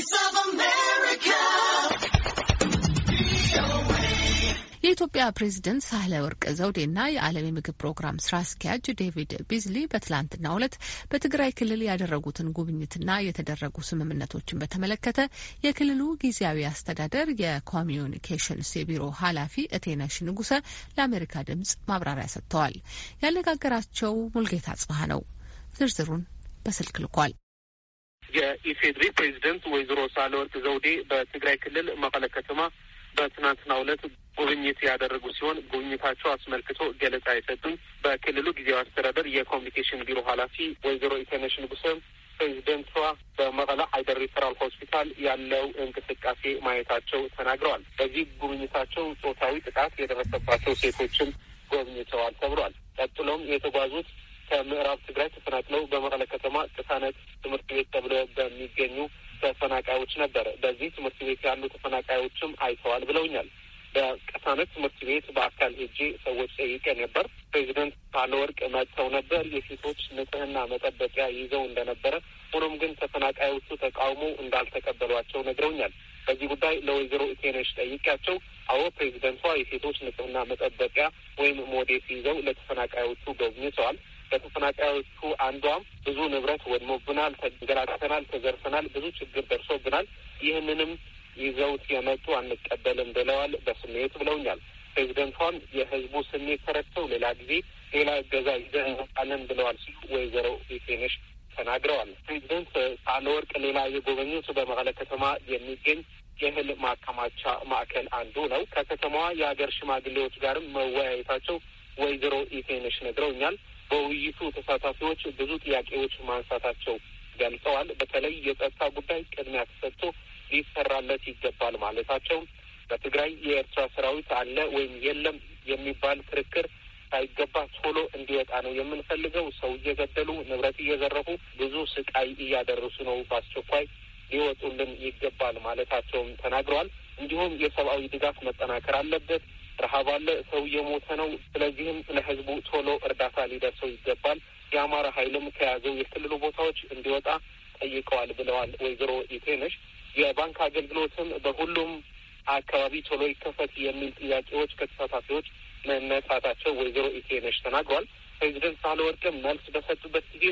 Voice of America. የኢትዮጵያ ፕሬዝደንት ሳህለ ወርቅ ዘውዴና የዓለም የምግብ ፕሮግራም ስራ አስኪያጅ ዴቪድ ቢዝሊ በትላንትናው ሁለት በትግራይ ክልል ያደረጉትን ጉብኝትና የተደረጉ ስምምነቶችን በተመለከተ የክልሉ ጊዜያዊ አስተዳደር የኮሚዩኒኬሽንስ የቢሮ ኃላፊ እቴነሽ ንጉሰ ለአሜሪካ ድምጽ ማብራሪያ ሰጥተዋል። ያነጋገራቸው ሙልጌታ ጽሀ ነው። ዝርዝሩን በስልክ ልኳል። የኢፌድሪ ፕሬዚደንት ወይዘሮ ሳህለወርቅ ዘውዴ በትግራይ ክልል መቀለ ከተማ በትናንትናው ዕለት ጉብኝት ያደረጉ ሲሆን ጉብኝታቸው አስመልክቶ ገለጻ የሰጡን በክልሉ ጊዜያዊ አስተዳደር የኮሚኒኬሽን ቢሮ ኃላፊ ወይዘሮ ኢተነሽ ንጉሰም ፕሬዚደንቷ በመቀለ ሀይደር ሪፈራል ሆስፒታል ያለው እንቅስቃሴ ማየታቸው ተናግረዋል። በዚህ ጉብኝታቸው ጾታዊ ጥቃት የደረሰባቸው ሴቶችን ጎብኝተዋል ተብሏል። ቀጥሎም የተጓዙት ከምዕራብ ትግራይ ተፈናቅለው በመቀለ ከተማ ቅሳነት ትምህርት ቤት ተብሎ በሚገኙ ተፈናቃዮች ነበር። በዚህ ትምህርት ቤት ያሉ ተፈናቃዮችም አይተዋል ብለውኛል። በቀሳነት ትምህርት ቤት በአካል ሄጄ ሰዎች ጠይቄ ነበር። ፕሬዚደንት ሳህለወርቅ መጥተው ነበር። የሴቶች ንጽህና መጠበቂያ ይዘው እንደነበረ፣ ሆኖም ግን ተፈናቃዮቹ ተቃውሞ እንዳልተቀበሏቸው ነግረውኛል። በዚህ ጉዳይ ለወይዘሮ ኢቴነሽ ጠይቄያቸው አዎ ፕሬዚደንቷ የሴቶች ንጽህና መጠበቂያ ወይም ሞዴስ ይዘው ለተፈናቃዮቹ ጎብኝተዋል። ከተፈናቃዮቹ አንዷም ብዙ ንብረት ወድሞብናል፣ ተንገላትተናል፣ ተዘርፈናል፣ ብዙ ችግር ደርሶብናል። ይህንንም ይዘውት የመጡ አንቀበልም ብለዋል በስሜት ብለውኛል። ፕሬዚደንቷም የህዝቡ ስሜት ተረድተው ሌላ ጊዜ ሌላ እገዛ ይዘን ብለዋል ሲሉ ወይዘሮ ኢቴነሽ ተናግረዋል። ፕሬዚደንት ሳህለወርቅ ሌላ የጎበኙት በመቀለ ከተማ የሚገኝ የእህል ማከማቻ ማዕከል አንዱ ነው። ከከተማዋ የሀገር ሽማግሌዎች ጋርም መወያየታቸው ወይዘሮ ኢቴንሽ ነግረውኛል። በውይይቱ ተሳታፊዎች ብዙ ጥያቄዎች ማንሳታቸው ገልጸዋል። በተለይ የጸጥታ ጉዳይ ቅድሚያ ተሰጥቶ ሊሰራለት ይገባል ማለታቸውም በትግራይ የኤርትራ ሰራዊት አለ ወይም የለም የሚባል ክርክር ሳይገባ ቶሎ እንዲወጣ ነው የምንፈልገው። ሰው እየገደሉ ንብረት እየዘረፉ ብዙ ስቃይ እያደረሱ ነው፣ በአስቸኳይ ሊወጡልን ይገባል ማለታቸውም ተናግረዋል። እንዲሁም የሰብአዊ ድጋፍ መጠናከር አለበት። ረሀብ አለ፣ ሰው እየሞተ ነው። ስለዚህም ለህዝቡ ቶሎ እርዳታ ሊደርሰው ይገባል። የአማራ ኃይልም ከያዘው የክልሉ ቦታዎች እንዲወጣ ጠይቀዋል ብለዋል ወይዘሮ ኢቴነሽ። የባንክ አገልግሎትም በሁሉም አካባቢ ቶሎ ይከፈት የሚል ጥያቄዎች ከተሳታፊዎች መነሳታቸው ወይዘሮ ኢቴነሽ ተናግሯል። ፕሬዚደንት ሳህለወርቅም መልስ በሰጡበት ጊዜ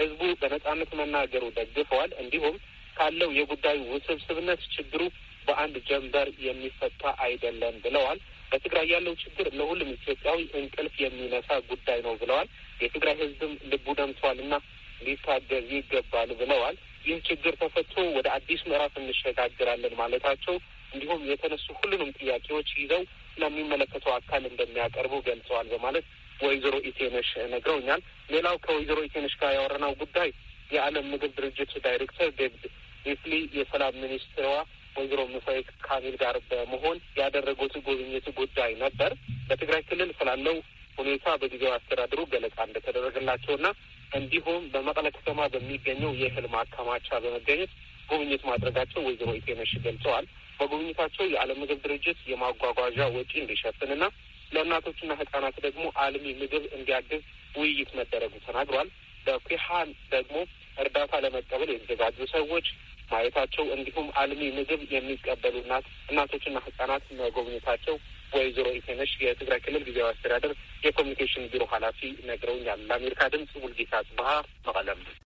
ህዝቡ በነጻነት መናገሩ ደግፈዋል። እንዲሁም ካለው የጉዳዩ ውስብስብነት ችግሩ በአንድ ጀንበር የሚፈታ አይደለም ብለዋል። በትግራይ ያለው ችግር ለሁሉም ኢትዮጵያዊ እንቅልፍ የሚነሳ ጉዳይ ነው ብለዋል። የትግራይ ህዝብም ልቡ ደምቷል እና ሊታገዝ ይገባል ብለዋል። ይህ ችግር ተፈቶ ወደ አዲስ ምዕራፍ እንሸጋግራለን ማለታቸው እንዲሁም የተነሱ ሁሉንም ጥያቄዎች ይዘው ለሚመለከተው አካል እንደሚያቀርቡ ገልጸዋል በማለት ወይዘሮ ኢቴነሽ ነግረውኛል። ሌላው ከወይዘሮ ኢቴነሽ ጋር ያወረናው ጉዳይ የዓለም ምግብ ድርጅት ዳይሬክተር ዴቪድ ሪፍሊ የሰላም ሚኒስትሯ ወይዘሮ ሙፈሪት ካሚል ጋር በመሆን ያደረጉት ጉብኝት ጉዳይ ነበር። በትግራይ ክልል ስላለው ሁኔታ በጊዜው አስተዳደሩ ገለጻ እንደተደረገላቸውና እንዲሁም በመቀለ ከተማ በሚገኘው የእህል ማከማቻ በመገኘት ጉብኝት ማድረጋቸው ወይዘሮ ኢቴነሽ ገልጸዋል። በጉብኝታቸው የዓለም ምግብ ድርጅት የማጓጓዣ ወጪ እንዲሸፍንና ለእናቶችና ህጻናት ደግሞ አልሚ ምግብ እንዲያግዝ ውይይት መደረጉ ተናግሯል። በኩሃን ደግሞ እርዳታ ለመቀበል የተዘጋጁ ሰዎች ማየታቸው እንዲሁም አልሚ ምግብ የሚቀበሉ እናት እናቶችና ህጻናት መጎብኘታቸው ወይዘሮ ኢቴነሽ የትግራይ ክልል ጊዜያዊ አስተዳደር የኮሚኒኬሽን ቢሮ ኃላፊ ነግረውኛል። ለአሜሪካ ድምጽ ሙልጌታ ጽብሀ መቀለም